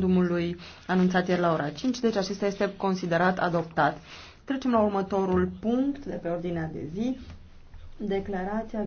referendumului anunțat ieri la ora 5, deci acesta este considerat adoptat. Trecem la următorul punct de pe ordinea de zi, declarația